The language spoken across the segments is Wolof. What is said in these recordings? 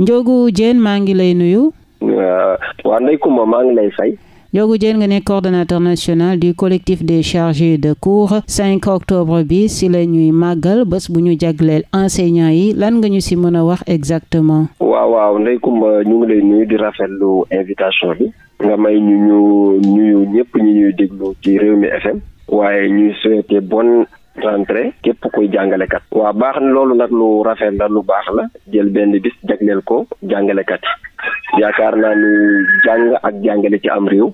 Ndiogou Diène maa ngi lay nuyu. waa Ndeye Comba maa ngi lay fay. Ndiogou jën nga ne coordonnateur national du collectif des chargés de cours 5 octobre bi si la ñuy màggal bés bu ñu jagleel enseignants yi lan nga ñu si mën a wax exactement. waaw waaw Ndeye Comba uh, ñu ngi lay nuyu di rafetlu invitation bi. nga may ñu ñu nuyu ñëpp ñu ñuy déglu ci Rewmi FM. waaye ñuy souhaiter bonne rentrée képp kuy jàngalekat waa baax na loolu nag lu rafet la lu baax la jël benn bis jagleel ko jàngalekat yi yaakaar naa ni jàng ak jàngale ci am réew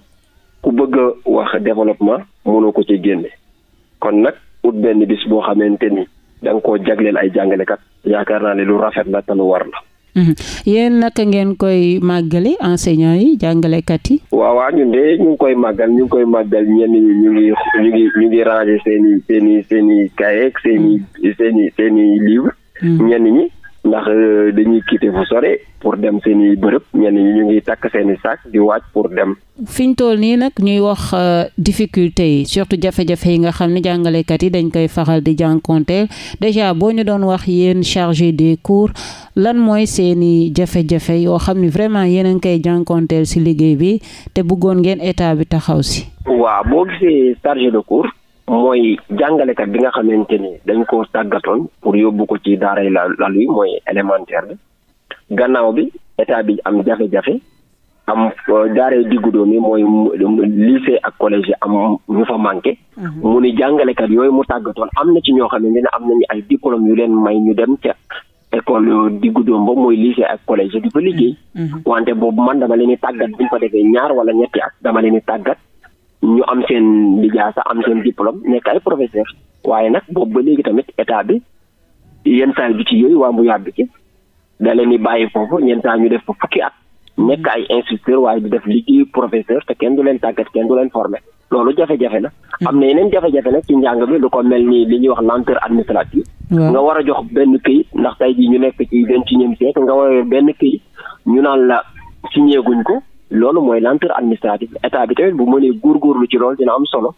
ku bëgg a wax développement mënoo ko ci génne kon nag ut benn bis boo xamante ni da nga koo jagleel ay jàngalekat yaakaar naa ne lu rafet la te lu war la Mhm. yéen naka ngeen koy màggale enseignants yi jàngalekat yi. waaw waaw ñun ñu koy màggal ñu koy màggal ñenn ñi ñu ngi ñu ngi ñu ngi ranger seen i seen i seen i cahier seen i mhm. mhm. ñi. ndax euh, dañuy quitter fu sore pour dem seen i bërëb ñenn ñu ngi takk seen i di waaj pour dem. fi ñu toll nii nag ñuy wax euh, difficulté yi surtout jafe-jafe yi nga xam ne jàngalekat yi dañ koy faral di jànkonteel déjà boo ñu doon wax yéen chargé des cours lan mooy seen i jafe-jafe yoo xam ni vraiment yéen a ngi koy jànkonteel si liggéey bi te bëggoon ngeen état bi taxaw si. waaw boo gisee chargé de cours. mooy jàngalekat bi nga xamante ni dañ ko tàggatoon pour yóbbu ko ci daaray la lal yi mooy élémentaire bi gannaaw bi état bi am jafe-jafe am euh, daaray diggu doom yi mooy lycée ak collège am ñu fa manqué mhm. mu ni jàngalekat yooyu mu tàggatoon am na ci ñoo xamante ne am nañu ay diplôme yu leen may ñu dem ca école euh, diggu doom ba mooy lycée ak collège di fa liggéey mhm. Mhm. wante boobu man dama leen di tàggat buñ fa defee ñaar wala ñetti at dama leen di tàggat ñu am seen lijaasa am seen diplôme nekk ay professeur waaye nag boobu ba léegi tamit état bi yenn saa bi ci yooyu waa mu yàbbi ci da leen di bàyyi foofu yenn saa ñu def fa fukki at nekk ay instructeur waaye du def liggéey professeur te kenn du leen tàggat kenn du leen formé loolu jafe-jafe la. Hmm. am na yeneen jafe-jafe nag ci njàng bi lu ko mel ni li ñuy wax lenteur administrative. nga war a jox benn këyit ndax tey jii ñu nekk ci vingt-et-unième nga a benn këyit ñu naan la signé guñ ko. loolu mooy lenteur administrative état bi tamit bu mënee góorgóorlu ci loolu dina am solo.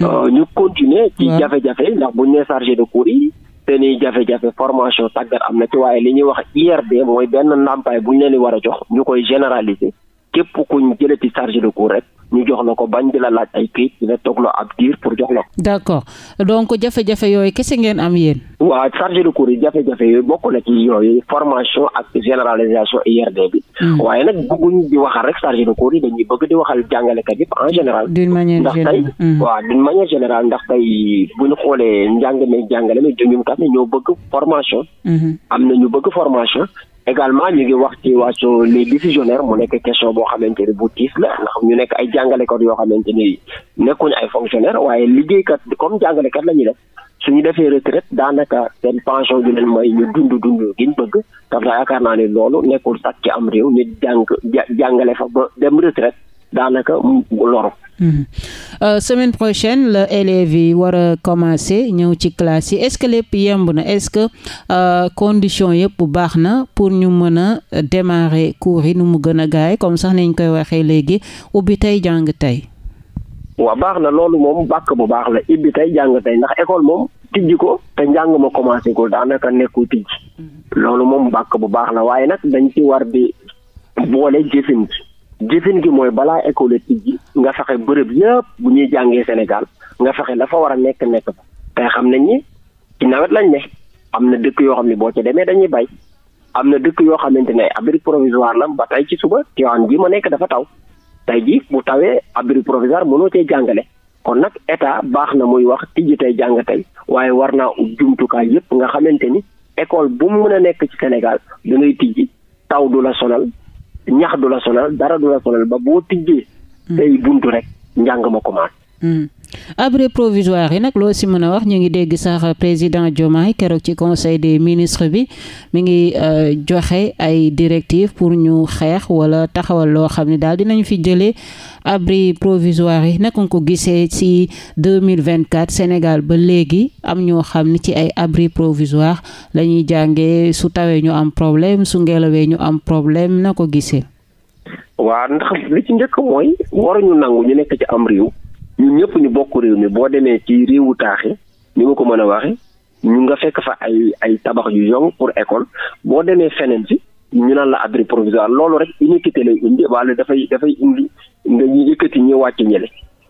Mm. Euh, ñu continuer ci jafe-jafe ndax buñ nee chargé de cours yi. seeni jafe-jafe formation tàggat am na ci waaye li ñuy wax IRD mooy benn ndàmpaay bu ñu leen di war a jox ñu koy généraliser képp kuñ jëlee ci chargé de cours rek. ñu jox la ko bañ di la laaj ay kayit dina toog la ab diir pour jox la ko. d' accord donc jafe-jafe yooyu kese ngeen am yéen. waa chargé de cours yi jafe-jafe yooyu bokk na ci yooyu formation ak généralisation IRD bi. Hmm. waaye nag bëgguñ di waxal rek chargé de cours yi dañuy bëgg di waxal jàngalekat yëpp en général. d' une hmm. manière générale ndax tey waa d' une manière ndax tey bu ñu xoolee njàng mi jàngale mi junjum kat ñoo bëgg formation. Hmm. am na ñu bëgg formation également ñu ngi wax ci wàccu les décisionnaires mu nekk question boo xamante ni bu tiis la ndax ñu nekk ay jàngalekat yoo xamante ni nekkuñu ay fonctionnaire waaye liggéeykat comme jàngalekat la ñuy def ñu defee retraite daanaka seen pension du leen may ñu dund dund giñ bëgg tam na yaakaar naa ne loolu nekkul sax ci am réew nit jàng jàngale fa ba dem retraite daanaka loro Euh, semaine prochaine la élèves yi war a commencer ñëw ci classe yi est-ce que lépp yemb na est-ce que euh, condition yëpp baax na pour ñu mën a démarrer cours yi nu mu gën a gaay comme sax nañ koy waxee léegi ubbi tey jàng tey. waaw baax na loolu moom bàkk bu baax la ubbi tey jàng tey ndax école moom tijji ko te njàng ma commencé ko daanaka nekkul tijji mm-hmm. loolu moom bàkk bu baax la waaye nag dañ ci war di boole jëfin bi jëfin gi mooy balaa école tijji nga fexe bërëb yëpp bu ñuy jàngee Sénégal nga faxe la fa war a nekk nekk fa tey xam nañ ni ci nawet lañ ne am na dëkk yoo xam ne boo ci demee dañuy bay am na dëkk yoo xamante ne abri provisoire la ba tey ci suba Tivaouane bii ma nekk dafa taw tey jii bu tawee abri provisoire mënoo cee jàngale kon nag état baax na muy wax tijji tey jàng tey waaye war naa jumtukaay yëpp nga xamante ni école bu mu mën a nekk ci Sénégal da ngay taw du la sonal ñax du la sonal dara du la sonal ba boo tijjee. Mm. day buntu rek njàng ma commencé. Mm. abri provisoire yi nag loo si mën a wax ñu ngi dégg sax président Diomaye keroog ci conseil de ministre bi mu ngi euh, joxe ay directives pour ñu xeex wala taxawal loo xam ne daal dinañu fi jëlee abri provisoire yi naka nga ko gisee ci 2024 Sénégal ba léegi am ñoo xam ni ci ay abri provisoire lañuy ñuy jàngee su tawee ñu am problème su ngelawee ñu am problème na ko gisee. waaw ndax li ci njëkk mooy waruñu nangu ñu nekk ci am réew. ñu ñëpp ñu bokk réew mi boo demee ci réewu taaxi ñu ma ko mën a waxe ñu nga fekk fa ay ay tabax yu yong pour école boo demee feneen si ñu naan la abri provisoire loolu rek inéquité lay indi wala dafay dafay indi nga ñu yëkkati ñu wàcc ñële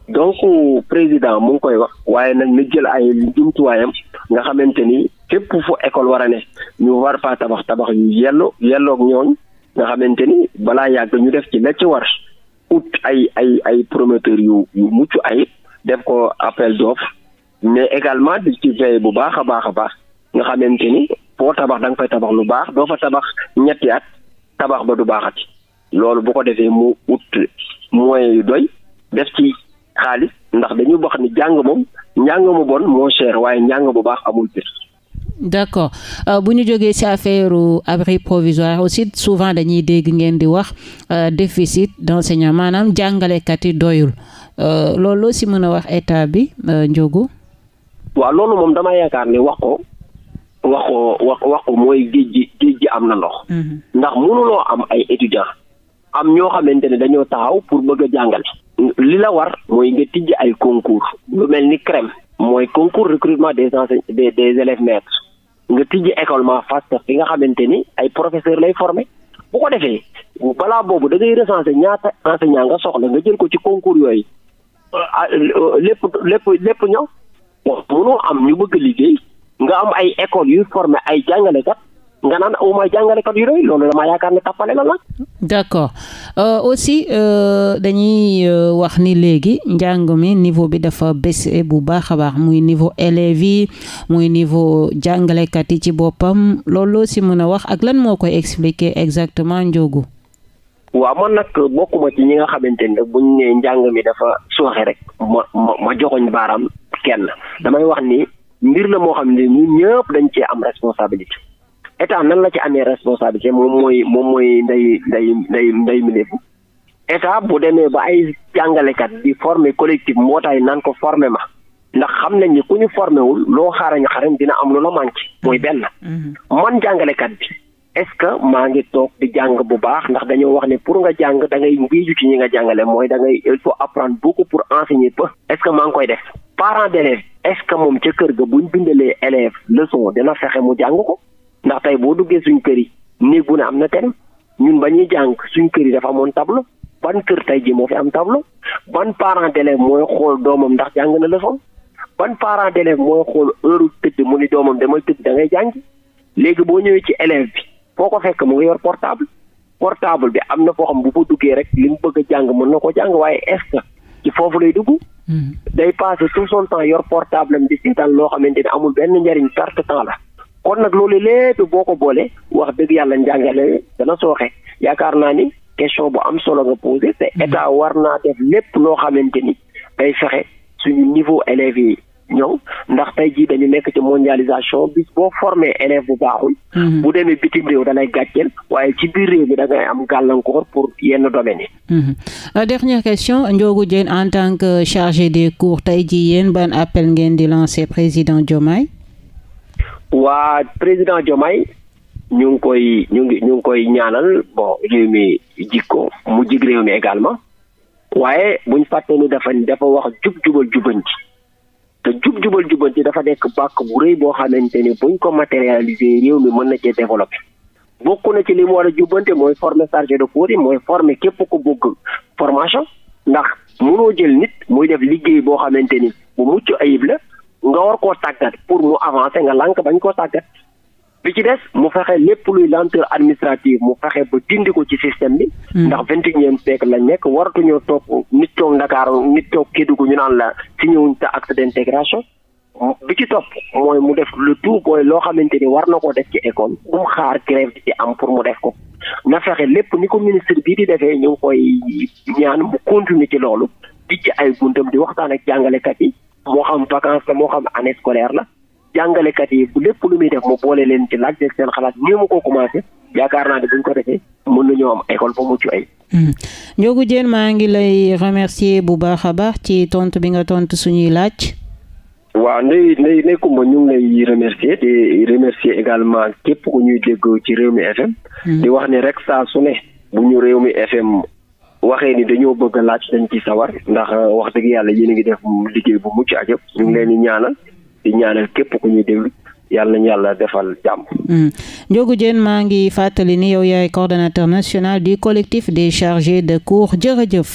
donc président mu ngi koy wax waaye nag na jël ay jumtuwaayam nga xamante ni képp fu école war a ne ñu war faa tabax tabax yu yellu yellook ñooñ nga xamante ni balaa yàgg ñu def ci la ci war ut ay ay ay prometteur yu yu mucc ay def ko appel d'offre mais également di ci veille bu baax a baax a baax nga xamante ni foo tabax da nga fay tabax lu baax doo fa tabax ñetti at tabax ba du baaxati loolu bu ko defee mu ut moyens yu doy def ci xaalis ndax dañuy wax ni jàng moom njàng mu bon moo cher waaye njàng bu baax amul biir d' accord euh, bu ñu jógee ci affaire abri provisoire aussi souvent dañuy dégg ngeen di wax euh, déficit d' enseignant maanaam jàngalekat yi doyul euh, loolu loo ci mën a wax état bi Ndiogou. waaw loolu moom dama yaakaar ni wax ko wax ko wax wax ko mooy géej gi géej gi am na ndox. Mhm. ndax mënuloo am ay étudiants. am ñoo xamante ne dañoo taxaw pour bëgg a jàngale. li la war mooy nga tijji ay concours. lu mel ni CREM. mooy concours recrutement des enseignants des des élèves maîtres. nga tijji école ma fas fi nga xamante ni ay professeur lay formé bu ko defee balaa boobu da ngay recenser ñaata enseignant nga soxla nga jël ko ci concours yooyu euh, ah, euh, lépp lépp lépp ñëw mënoo am ñu bëgg liggéey nga am ay école yuy formé ay jàngalekat nga naan au oh, jàngalekat yu doy loolu dama yaakaar ne tappale la la. d'accord euh, aussi euh, dañuy euh, wax ni léegi njàng mi niveau bi dafa baissé bu baax a baax muy niveau élèves yi muy niveau jàngalekat yi ci boppam loolu si mën a wax ak lan moo koy expliqué exactement Ndiogou. waaw man nag bokkuma ci ñi nga xamante ne buñ ne njàng mi dafa sooxe rek ma ma ma joxoñ baaraam kenn damay wax ni mbir la moo xam ne mu ñëpp dañ ci am responsabilité. état nan la ci amee responsabilité moom mooy moom mooy nday nday nday nday mi état bu demee ba ay jàngalekat di former collectif mbootaay naan ko former ma ndax xam nañ ni ku ñu formé wul loo ñu xarañ dina am lu la manqué mooy benn mm-hmm. man jàngalekat bi est-ce que maa ngi toog di jàng bu baax ndax dañoo wax ne pour nga jàng da ngay ngiiju ci ñi nga jàngale mooy da ngay il faut apprendre ko pour enseigner peu est-ce que maa ngi koy def parents d'élèves est que moom ca kër ga buñ bindalee élève leçon dina fexe mu jàng ko ndax tey boo duggee suñ kër yi néeg ne am na ten ñun ba ñuy jàng suñ kër yi dafa amoon tableau ban kër tey ji moo fi am tableau ban parent d'élève mooy xool doomam ndax jàng na leçon ban parent d'élève mooy xool heure tëdd mu ni doomam damay tëdd da ngay jàng léegi boo ñëwee ci élève bi foo ko fekk mu ngi yor portable portable bi am na foo xam bu fa duggee rek li mu bëgg a jàng mën na ko jàng waaye est-ce ci foofu lay dugg. Hmm. day passé tout son temps yor portable am di seetaan loo xamante ne amul benn njariñ perte temps la. kon nag loolu lépp boo ko boole wax dëgg yàlla njàngale dana sooxe yaakaar naa ni question bu am solo nga posé te mm-hmm. état war naa def lépp loo xamante ni day fexe suñu niveau élève yi ñëw ndax tey jii dañu nekk ci mondialisation bis boo formé élève bu baaxul mm-hmm. bu demee bitim réew da lay gàcceel waaye ci biir réew mi da ngay am gàllankoor pour yenn domaines yi mm-hmm. euh, dernière question Ndiogou Diène en tant que chargé des cours tey jii yéen ban appel ngeen di lancer président Diomaye waa président Diomaye ñu ngi koy ñu ngi ñu ngi koy ñaanal bon réew mi jikko mu jig réew mi également waaye buñ fàtte ni dafa dafa wax jub jubal jubanti te jub jubal jubanti dafa nekk bàkk bu rëy boo xamante ni buñ ko matérialiser réew mi mën na cee développé bokk na ci li mu war a jubbante mooy former chargé de cours yi mooy former képp ko bëgg formation ndax mënoo jël nit muy def liggéey boo xamante ni bu mucc ayib la nga war koo tàggat pour mu avancer nga lànk bañ koo tàggat bi ci des mu fexe lépp luy lenteur administrative mu fexe ba dindi ko ci système bi. Hmm. ndax vingt et unième siècle lañ nekk waratuñoo toog nit toog Ndakaaru nit toog ko ñu naan la signé ñëwuñ te acte d'intégration. bi ci topp mooy mu def le tout booy loo xamante ni war na ko def ci école bu mu xaar grève di ci am pour mu def ko na fexe lépp ni ko ministre bii di defee ñu ngi koy ñaan mu continuer ci loolu di ci ay guntam di waxtaan ak jàngalekat yi. moo xam vacance la moo xam année scolaire la jàngalekat yi bu lépp lu muy def mu boole leen ci laaj seen xalaat nii mu ko commencé yaakaar naa ne buñ ko defee mën nañoo am école ba mucc ay hmm. Ndiogou Diène maa ngi lay remercier bu baax a baax ci tont bi nga tont suñuy laaj. waaw ndey ndey ndey Kumba ñu ngi lay remercier di remercier également képp ko ñuy dégg ci Rewmi FM. Hmm. di wax ni rek saa su ne bu ñu Rewmi FM waxee ni dañoo bëgg laaj dañ ci sawar ndax euh, wax dëgg yàlla yéen ngi def liggéey bu mucc ajab ñu ngi leen di ñaanal di ñaanal képp ku ñu déglu yàlla ñu yàlla defal jàmm. Hmm. Ndiogou jën maa ngi fàttali ni yow yaay coordonnateur national du collectif des chargés de cours jërëjëf.